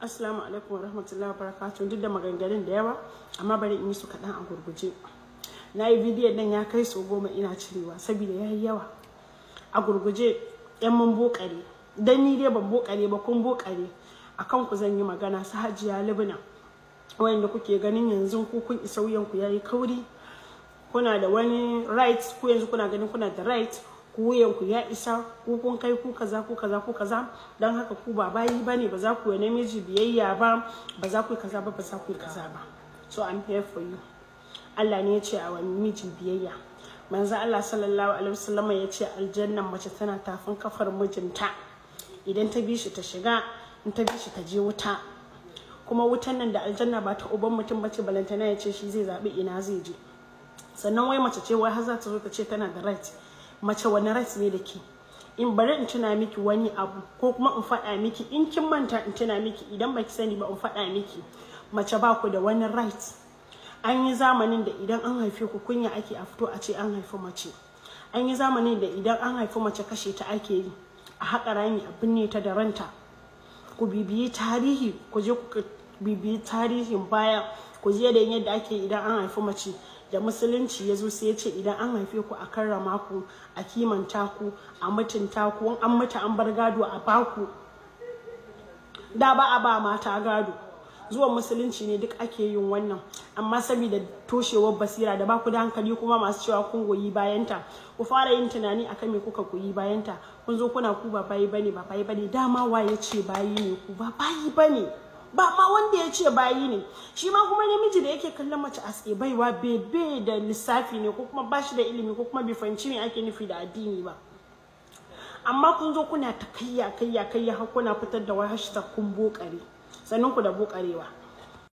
Assalamu alaikum wa rahmatullahi wa barakatuh duk da maganganun da yawa amma bari in yi su kaɗan a gurguje. Na yi bidiyon nan ya kai sau goma ina cirewa saboda ya yi yawa. A gurguje ‘yan mun bokare, dan ni dai ban bokare ba kun bokare a ku zan yi magana su hajiya libina. Wayanda kuke ganin yanzu ku kun isa wuyanku ya yi kauri. Kuna da wani right ku yanzu kuna ganin kuna da right ku ku ya isa ku kun kai ku kaza ku kaza ku kaza don haka ku ba bayi bane ba za ku yi namiji biyayya ba ba za ku yi kaza ba ba za ku yi kaza ba so I'm here for you Allah ne ya ce a wani miji biyayya manzo Allah sallallahu alaihi wasallam ya ce aljanna mace tana tafin kafar mijinta idan ta bi shi ta shiga in ta bi shi ta je wuta kuma wutan nan da aljanna ba ta uban mutum bace balantana ya ce shi zai zabi ina zai je sannan wai mace ce wai har za ta zo ta ce tana da right mace wani ras ne da ke in bari in tuna miki wani abu ko kuma in faɗa miki in kin manta in tuna miki idan baki sani ba in faɗa miki mace ba ku da wani right an yi zamanin da idan an haife ku kunya ake a fito a ce an haifi mace an yi zamanin da idan an haifi mace kashe ta ake yi a haƙa rami a binne ta da ranta ku bibiyi tarihi ku je ku bibiyi tarihin baya ku je da yadda ake idan an haifi mace da musulunci ya zo sai ya ce idan an haife ku a karrama ku a kimanta ku a mutunta ku an mutu an bar gado a baku da ba a ba mata gado zuwan musulunci ne duk ake yin wannan amma saboda toshewar basira da baku da hankali kuma masu cewa kun goyi bayanta ku fara yin tunani akan me kuka goyi bayanta kun zo kuna ku ba bayi bane ba bayi bane dama waye ce bayi ne ku ba bayi bane ba ma wanda ya ce bayi ne shi ma kuma namiji da yake kallon mace a tsaye baiwa bebe da lissafi ne ko kuma bashi da ilimi ko kuma bai fahimci me ake nufi da addini ba amma kun zo kuna ta kayya kayya kayya har kuna fitar da wai hashtag kun bokare sannan ku da bokarewa